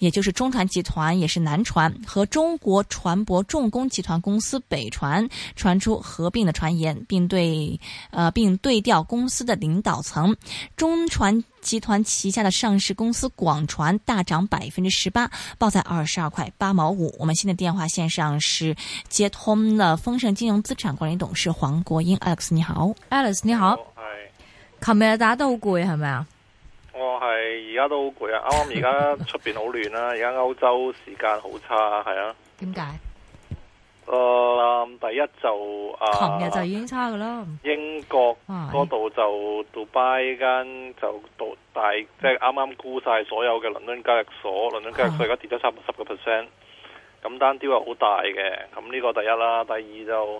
也就是中船集團也是南船和中國船舶重工集團公司北船傳，傳出合併的傳言，並對，呃並對調公司的領導層。中船集團旗下的上市公司廣船大漲百分之十八，報在二十二塊八毛五。我們現在電話線上是接通了豐盛金融資產管理董事黃國英 Alex 你好，Alex 你好，琴日打得好攰係咪啊？嗨我係而家都好攰啊！啱啱而家出邊好亂啦，而家歐洲時間好差，係啊？點解、啊？誒、呃，第一就誒、呃、昨日就已經差噶啦。英國嗰度就 d、哎、拜 b 間就度大，即係啱啱沽晒所有嘅倫敦交易所、倫 敦交易所而家跌咗差唔多十個 percent。咁 單跌係好大嘅。咁呢個第一啦，第二就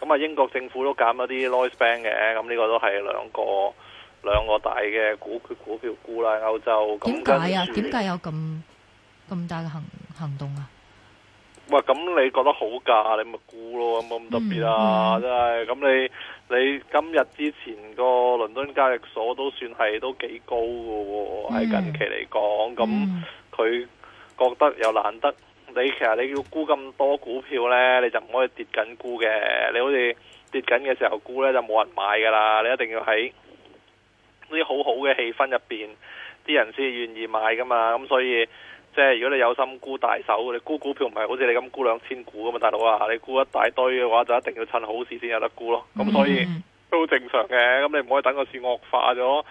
咁啊、嗯，英國政府都減咗啲 noise ban d 嘅。咁呢個都係兩個。兩個大嘅股，股票沽啦，歐洲。點解啊？點解著有咁咁大嘅行行動啊？哇！咁你覺得好噶？你咪沽咯，冇咁特別啊！嗯嗯、真係咁你你今日之前個倫敦交易所都算係都幾高噶喎、啊，係、嗯、近期嚟講，咁佢、嗯、覺得又難得。嗯、你其實你要沽咁多股票呢，你就唔可以跌緊沽嘅。你好似跌緊嘅時候沽呢，就冇人買噶啦。你一定要喺。啲好好嘅氣氛入邊，啲人先願意買噶嘛，咁、嗯、所以即係如果你有心沽大手，你沽股票唔係好似你咁沽兩千股噶嘛，大佬啊，你沽一大堆嘅話就一定要趁好市先有得沽咯。咁、嗯、所以都正常嘅。咁你唔可以等個市惡化咗，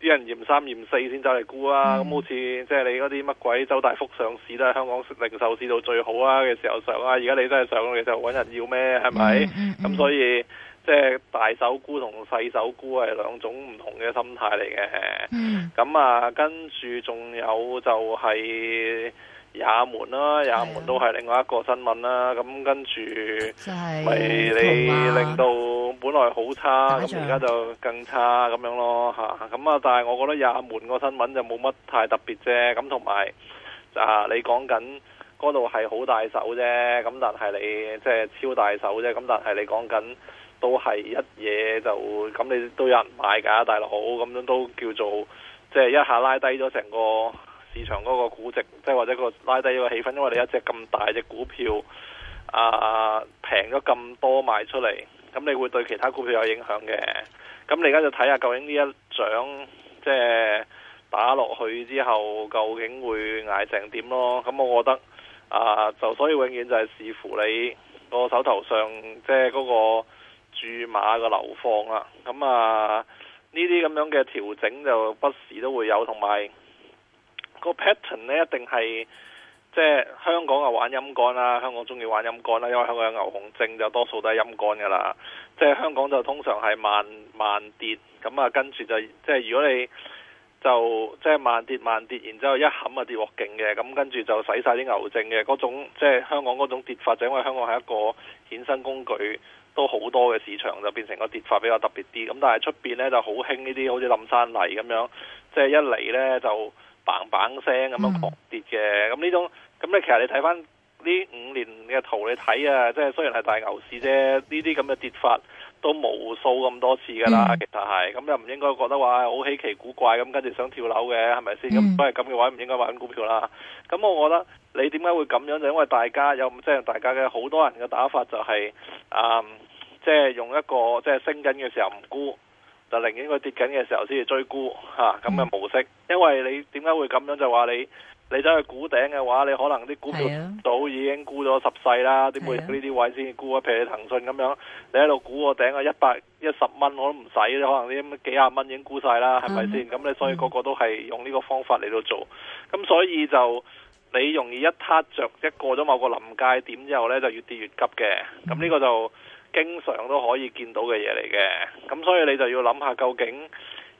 啲人嫌三嫌四先走嚟沽啊，咁、嗯、好似即係你嗰啲乜鬼周大福上市都係，香港零售市道最好啊嘅時候上啊，而家你真係上，其實揾人要咩係咪？咁所以。即係大手沽同細手沽係兩種唔同嘅心態嚟嘅。咁、嗯、啊，跟住仲有就係也門啦、啊，也門都係另外一個新聞啦、啊。咁、嗯、跟住，就係、哎、你、啊、令到本來好差，咁而家就更差咁樣咯嚇。咁啊，但係我覺得也門個新聞就冇乜太特別啫。咁同埋啊，你講緊嗰度係好大手啫，咁但係你即係超大手啫，咁但係你講緊。都係一嘢就咁，你都有人買噶，大佬，好，咁樣都叫做即係一下拉低咗成個市場嗰個估值，即係或者個拉低個氣氛，因為你一隻咁大隻股票啊，平咗咁多賣出嚟，咁你會對其他股票有影響嘅。咁你而家就睇下究竟呢一掌，即係打落去之後，究竟會挨成點咯？咁我覺得啊，就所以永遠就係視乎你個手頭上即係嗰個。注碼嘅流放啊，咁啊呢啲咁樣嘅調整就不時都會有，同埋個 pattern 呢，一定係即係香港啊玩陰乾啦，香港中意玩陰乾啦，因為香港有牛熊證，就多數都係陰乾嘅啦。即係香港就通常係慢慢跌，咁啊跟住就即係如果你就即係慢跌慢跌，然之後一冚啊跌鑊勁嘅，咁跟住就洗晒啲牛證嘅嗰種，即係香港嗰種跌法，就因為香港係一個衍生工具。都好多嘅市場就變成個跌法比較特別啲，咁但係出邊呢就好興呢啲，好似冧山泥咁樣，即係一嚟呢就砰砰聲咁樣狂跌嘅，咁呢、嗯嗯嗯、種咁咧其實你睇翻呢五年嘅圖你睇啊，即係雖然係大牛市啫，呢啲咁嘅跌法都無數咁多次㗎啦，嗯、其實係咁又唔應該覺得話好稀奇古怪，咁跟住想跳樓嘅係咪先？咁如果係咁嘅話，唔應該玩股票啦。咁我覺得你點解會咁樣？就因為大家有即係大家嘅好多人嘅打法就係、是、啊～、嗯即係用一個即係升緊嘅時候唔沽，就寧願佢跌緊嘅時候先至追沽吓咁嘅模式。嗯、因為你點解會咁樣？就話你你走去估頂嘅話，你可能啲股票早已經估咗十世啦，點會呢啲位先估。啊。譬如你騰訊咁樣，你喺度估個頂啊，一百一十蚊我都唔使咧，可能啲幾廿蚊已經估晒啦，係咪先？咁你、嗯、所以個個都係用呢個方法嚟到做。咁所以就你容易一塌着，一過咗某個臨界點之後呢，就越跌越急嘅。咁呢個就。經常都可以見到嘅嘢嚟嘅，咁所以你就要諗下究，究竟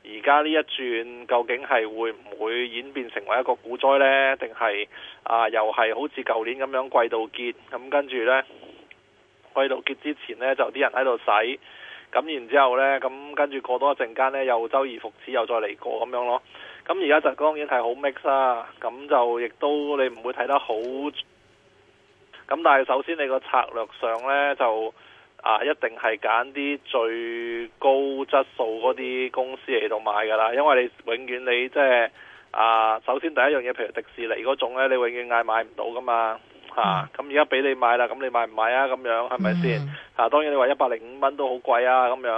而家呢一轉究竟係會唔會演變成為一個股災呢？定係啊，又係好似舊年咁樣季度結，咁跟住呢，季度結之前呢，就啲人喺度洗，咁然之後呢，咁跟住過多一陣間呢，又周而復始又再嚟過咁樣咯。咁而家就當然係好 mix 啦，咁就亦都你唔會睇得好。咁但係首先你個策略上呢，就。啊，一定係揀啲最高質素嗰啲公司嚟度買㗎啦，因為你永遠你即係啊，首先第一樣嘢，譬如迪士尼嗰種咧，你永遠嗌買唔到噶嘛嚇。咁而家俾你買啦，咁你買唔買啊？咁樣係咪先？嗯、啊，當然你話一百零五蚊都好貴啊，咁樣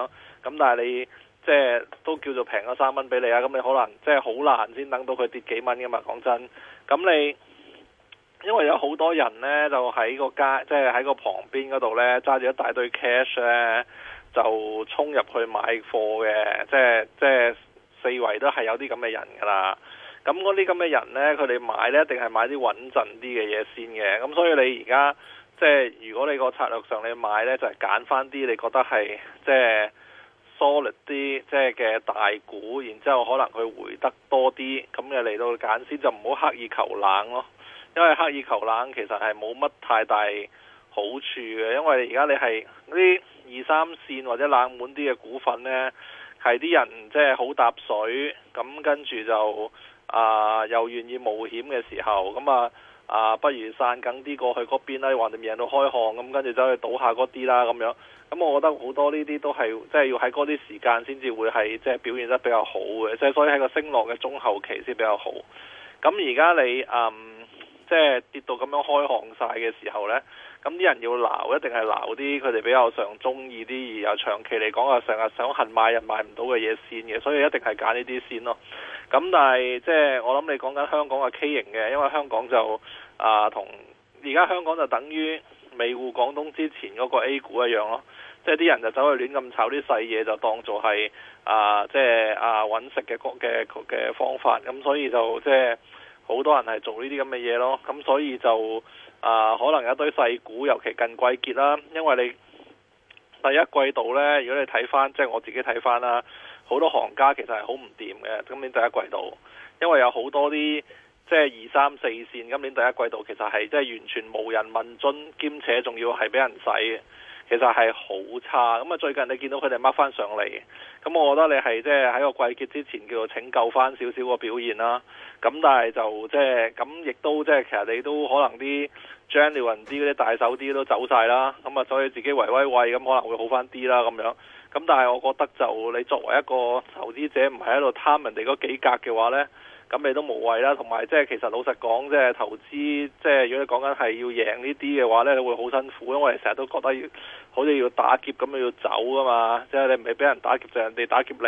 咁但係你即係都叫做平咗三蚊俾你啊，咁你可能即係好難先等到佢跌幾蚊噶嘛，講真。咁你。因為有好多人呢，就喺個街，即係喺個旁邊嗰度呢，揸住一大堆 cash 呢，就衝入去買貨嘅。即係即係四圍都係有啲咁嘅人噶啦。咁嗰啲咁嘅人呢，佢哋買呢，一定係買啲穩陣啲嘅嘢先嘅。咁所以你而家即係如果你個策略上你買呢，就係揀翻啲你覺得係即係 solid 啲，即係嘅大股，然之後可能佢回得多啲，咁你嚟到揀先，就唔好刻意求冷咯。因為刻意求冷其實係冇乜太大好處嘅，因為而家你係嗰啲二三線或者冷門啲嘅股份呢，係啲人即係好搭水，咁跟住就啊、呃、又願意冒險嘅時候，咁、嗯、啊啊不如散緊啲過去嗰邊啦，或者贏到開汗咁，跟住走去賭下嗰啲啦咁樣。咁、嗯、我覺得好多呢啲都係即係要喺嗰啲時間先至會係即係表現得比較好嘅，即係所以喺個升浪嘅中後期先比較好。咁而家你嗯。即係跌到咁樣開行晒嘅時候呢，咁啲人要鬧，一定係鬧啲佢哋比較常中意啲，而又長期嚟講啊，成日想行買又買唔到嘅嘢先嘅，所以一定係揀呢啲先咯。咁但係即係我諗你講緊香港嘅畸形嘅，因為香港就啊同而家香港就等於未滬港通之前嗰個 A 股一樣咯，即係啲人就走去亂咁炒啲細嘢，就當做係啊即係啊揾食嘅各嘅嘅方法，咁、嗯、所以就即係。好多人係做呢啲咁嘅嘢咯，咁所以就啊、呃，可能有一堆細股，尤其近季結啦。因為你第一季度呢，如果你睇翻，即係我自己睇翻啦，好多行家其實係好唔掂嘅。今年第一季度，因為有好多啲即係二三四線，今年第一季度其實係即係完全無人問津，兼且仲要係俾人洗，其實係好差。咁啊，最近你見到佢哋掹返上嚟。咁、嗯、我覺得你係即係喺個季結之前叫做拯救翻少少個表現啦。咁但係就即係咁，亦都即係其實你都可能啲專業啲嗰啲大手啲都走晒啦。咁、嗯、啊，所以自己維維位咁可能會好翻啲啦咁樣。咁但係我覺得就你作為一個投資者，唔係喺度貪人哋嗰幾格嘅話呢，咁你都無謂啦。同埋即係其實老實講，即係投資，即係如果你講緊係要贏呢啲嘅話呢，你會好辛苦，因為你成日都覺得要。好似要打劫咁要走啊嘛，即係你唔係俾人打劫，就人哋打劫你。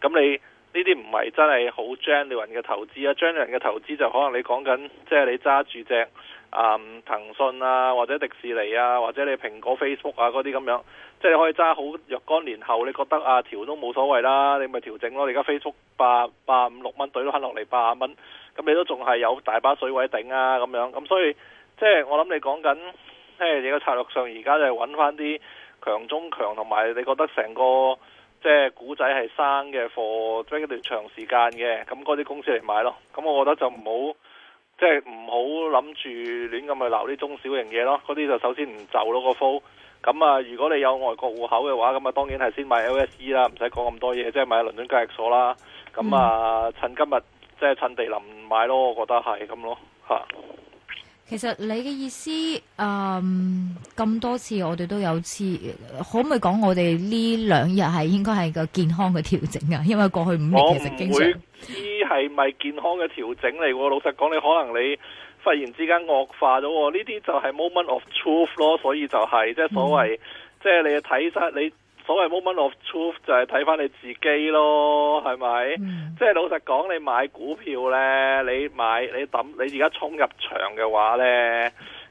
咁你呢啲唔係真係好 genuine 嘅投資啊，genuine 嘅投資就可能你講緊，即係你揸住隻啊騰訊啊，或者迪士尼啊，或者你蘋果、Facebook 啊嗰啲咁樣，即係你可以揸好若干年後，你覺得啊調都冇所謂啦，你咪調整咯。你而家 Facebook 八八五六蚊對都肯落嚟八啊蚊，咁你都仲係有大把水位頂啊咁樣。咁所以即係我諗你講緊。即係你個策略上，而家就係揾翻啲強中強，同埋你覺得成個、就是、for, 即係古仔係生嘅貨，即係一段長時間嘅，咁嗰啲公司嚟買咯。咁我覺得就唔好，即係唔好諗住亂咁去撈啲中小型嘢咯。嗰啲就首先唔就咯個 foo。咁啊，如果你有外國戶口嘅話，咁啊當然係先買 LSE 啦，唔使講咁多嘢，即、就、係、是、買倫敦交易所啦。咁啊，趁今日即係趁地臨買咯，我覺得係咁咯，吓、啊。其實你嘅意思，嗯、咁多次我哋都有次，可唔可以講我哋呢兩日係應該係個健康嘅調整啊？因為過去五日其實經常，我唔會知係咪健康嘅調整嚟喎。老實講，你可能你忽然之間惡化咗，呢啲就係 moment of truth 咯。所以就係、是、即係所謂，即係你嘅體質你。所謂 moment of truth 就係睇翻你自己咯，係咪？Mm hmm. 即係老實講，你買股票呢，你買你抌你而家衝入場嘅話呢，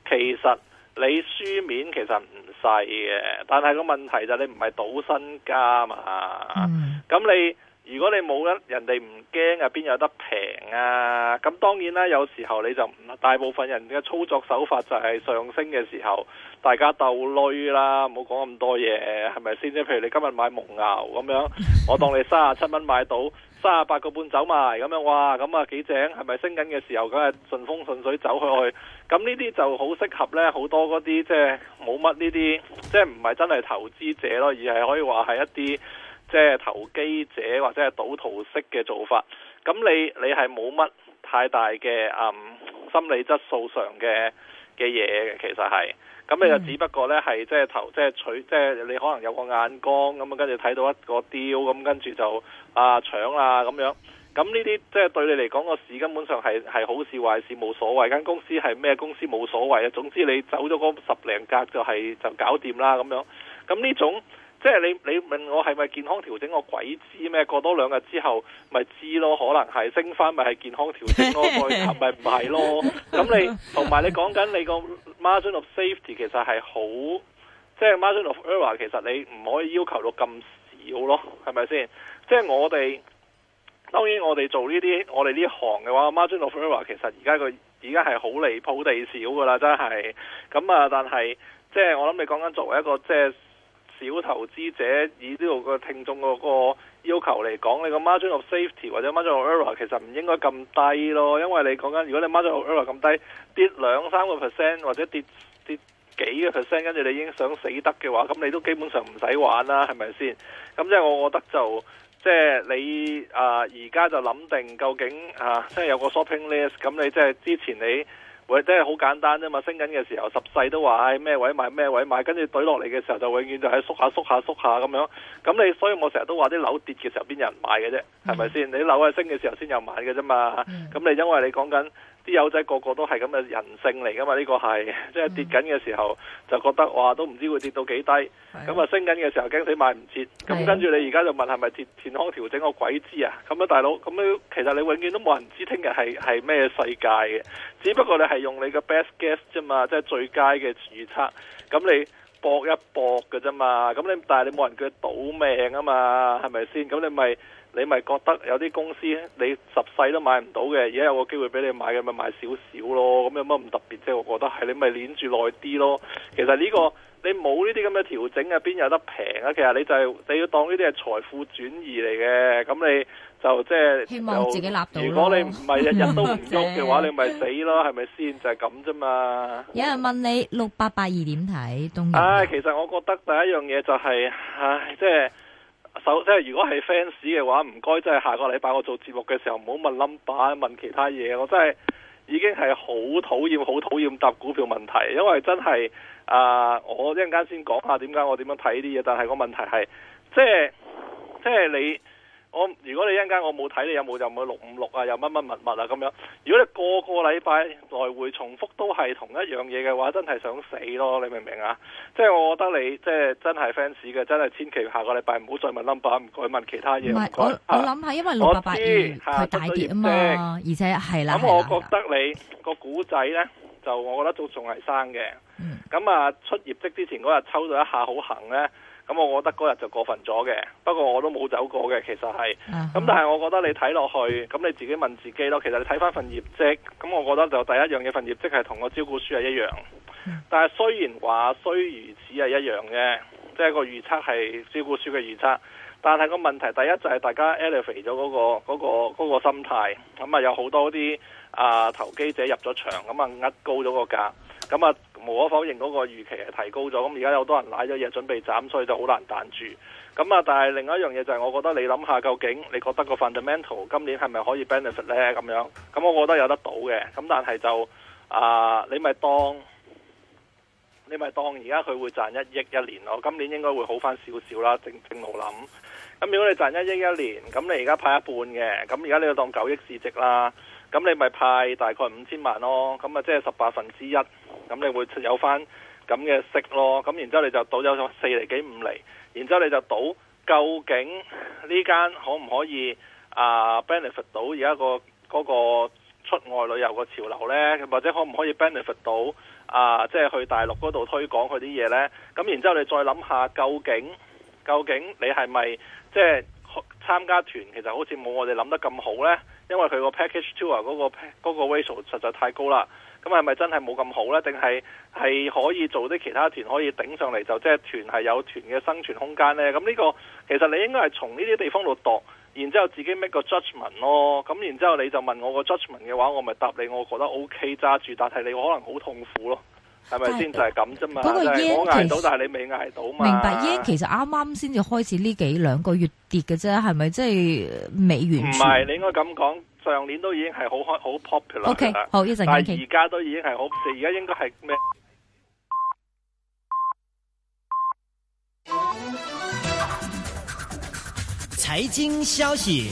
其實你輸面其實唔細嘅，但係個問題就係你唔係賭身家嘛，咁、mm hmm. 你。如果你冇得，人哋唔驚啊，邊有得平啊？咁當然啦，有時候你就大部分人嘅操作手法就係上升嘅時候，大家鬥累啦，唔好講咁多嘢，係咪先？即譬如你今日買蒙牛咁樣，我當你三啊七蚊買到三啊八個半走埋咁樣，哇！咁啊幾正，係咪升緊嘅時候梗係順風順水走落去？咁呢啲就好適合呢好多嗰啲即係冇乜呢啲，即係唔係真係投資者咯，而係可以話係一啲。即係投機者或者係賭徒式嘅做法，咁你你係冇乜太大嘅嗯心理質素上嘅嘅嘢嘅，其實係咁你就只不過呢，係即係投即係取即係你可能有個眼光咁啊，跟住睇到一個雕咁，嗯，跟住就啊搶啊咁樣，咁呢啲即係對你嚟講個市根本上係係好事壞事冇所謂，間公司係咩公司冇所謂啊，總之你走咗嗰十零格就係、係、就搞掂啦咁樣，咁呢種。即係你你問我係咪健康調整我鬼知咩？過多兩日之後咪知咯，可能係升翻，咪係健康調整咯，咪唔係咯？咁你同埋你講緊你個 margin of safety 其實係好，即係 margin of error 其實你唔可以要求到咁少咯，係咪先？即係我哋當然我哋做呢啲我哋呢行嘅話，margin of error 其實而家佢而家係好離譜地少噶啦，真係。咁啊，但係即係我諗你講緊作為一個即係。小投資者以呢度個聽眾個個要求嚟講，你個 margin of safety 或者 margin of error 其實唔應該咁低咯，因為你講緊如果你 margin of error 咁低，跌兩三個 percent 或者跌跌幾個 percent，跟住你已經想死得嘅話，咁你都基本上唔使玩啦，係咪先？咁即係我覺得就即係你啊，呃，而家就諗定究竟啊，即係有個 shopping list，咁你即係之前你。或者係好簡單啫嘛，升緊嘅時候十世都話，唉、哎、咩位買咩位買，跟住跌落嚟嘅時候就永遠就喺縮下縮下縮下咁樣，樣。咁你所以我成日都話啲樓跌嘅時候邊有人買嘅啫，係咪先？你樓喺升嘅時候先有人買嘅啫嘛。咁、mm hmm. 你因為你講緊。啲友仔個個都係咁嘅人性嚟噶嘛？呢個係即係跌緊嘅時候就覺得哇，都唔知會跌到幾低。咁啊的，升緊嘅時候驚死買唔切。咁跟住你而家就問係咪跌健康調整，個鬼知啊？咁啊，大佬，咁樣，其實你永遠都冇人知聽日係係咩世界嘅。只不過你係用你嘅 best guess 啫嘛，即係最佳嘅預測。咁你。搏一搏嘅啫嘛，咁你但係你冇人叫佢賭命啊嘛，係咪先？咁你咪你咪覺得有啲公司你十世都買唔到嘅，而家有個機會俾你買嘅，咪買少少咯。咁有乜唔特別啫？我覺得係你咪捻住耐啲咯。其實呢個。你冇呢啲咁嘅調整啊，邊有得平啊？其實你就係、你要當呢啲係財富轉移嚟嘅，咁你就即係希望自己立到。如果你唔係日日都唔喐嘅話， 你咪死咯，係咪先？就係咁啫嘛。有人問你六八八二點睇，東哥？唉、啊，其實我覺得第一樣嘢就係、是、唉，即、就、係、是、手即係、就是、如果係 fans 嘅話，唔該，即係下個禮拜我做節目嘅時候唔好問 number，問其他嘢，我真係。已經係好討厭，好討厭答股票問題，因為真係啊、呃，我一陣間先講下點解我點樣睇啲嘢，但係個問題係，即係即係你。我，如果你一陣間我冇睇你有冇又冇六五六啊，又乜乜物物啊，咁樣，如果你個個禮拜來回重複都係同一樣嘢嘅話，真係想死咯，你明唔明啊？即係我覺得你即係真係 fans 嘅，真係千祈下個禮拜唔好再問 number，唔該問其他嘢。唔係是，託我、啊、我諗下因為六八八二佢大跌啊嘛，而且係啦。咁、嗯、我覺得你個古仔咧，就我覺得都仲係生嘅。咁啊、嗯嗯、出業績之前嗰日抽咗一下好行咧。咁我覺得嗰日就過分咗嘅，不過我都冇走過嘅，其實係。咁但係我覺得你睇落去，咁你自己問自己咯。其實你睇翻份業績，咁我覺得就第一樣嘢份業績係同個招股書係一樣。但係雖然話雖如此係一樣嘅，即係個預測係招股書嘅預測，但係個問題第一就係大家 elevate 咗嗰個嗰個嗰個心態，咁啊有好多啲啊投機者入咗場，咁啊呃高咗個價，咁啊。無可否認嗰個預期係提高咗，咁而家有好多人攞咗嘢準備斬，所以就好難彈住。咁啊，但係另一樣嘢就係，我覺得你諗下，究竟你覺得個 fundamental 今年係咪可以 benefit 呢？咁樣，咁我覺得有得到嘅。咁但係就啊，你咪當你咪當，而家佢會賺一億一年咯。今年應該會好返少少啦，正正路諗。咁如果你賺一億一年，咁你而家派一半嘅，咁而家你要當九億市值啦。咁你咪派大概五千萬咯，咁啊即係十八分之一，咁你會有翻咁嘅息咯，咁然之後你就賭有四厘幾五厘，然之後你就賭究竟呢間可唔可以啊 benefit 到而家個嗰、那個、出外旅遊個潮流呢？或者可唔可以 benefit 到啊即係、就是、去大陸嗰度推廣佢啲嘢呢？咁然之後你再諗下，究竟究竟你係咪即係？就是參加團其實好似冇我哋諗得咁好呢，因為佢 pack、嗰個 package tour 嗰個嗰個 way l 實在太高啦。咁係咪真係冇咁好呢？定係係可以做啲其他團可以頂上嚟，就即、是、係團係有團嘅生存空間呢？咁呢、呢個其實你應該係從呢啲地方度度，然之後自己 make 個 judgement 咯。咁然之後你就問我個 judgement 嘅話，我咪答你，我覺得 O K 揸住，但係你可能好痛苦咯。係咪先就係咁啫嘛？嗰個煙其實，我挨到但係你未挨到嘛？明白？煙其實啱啱先至開始呢幾兩個月跌嘅啫，係咪？即係美元。唔係，你應該咁講，上年都已經係、okay, 好開好 popular 噶啦。但係而家都已經係好，而家應該係咩？財經消息。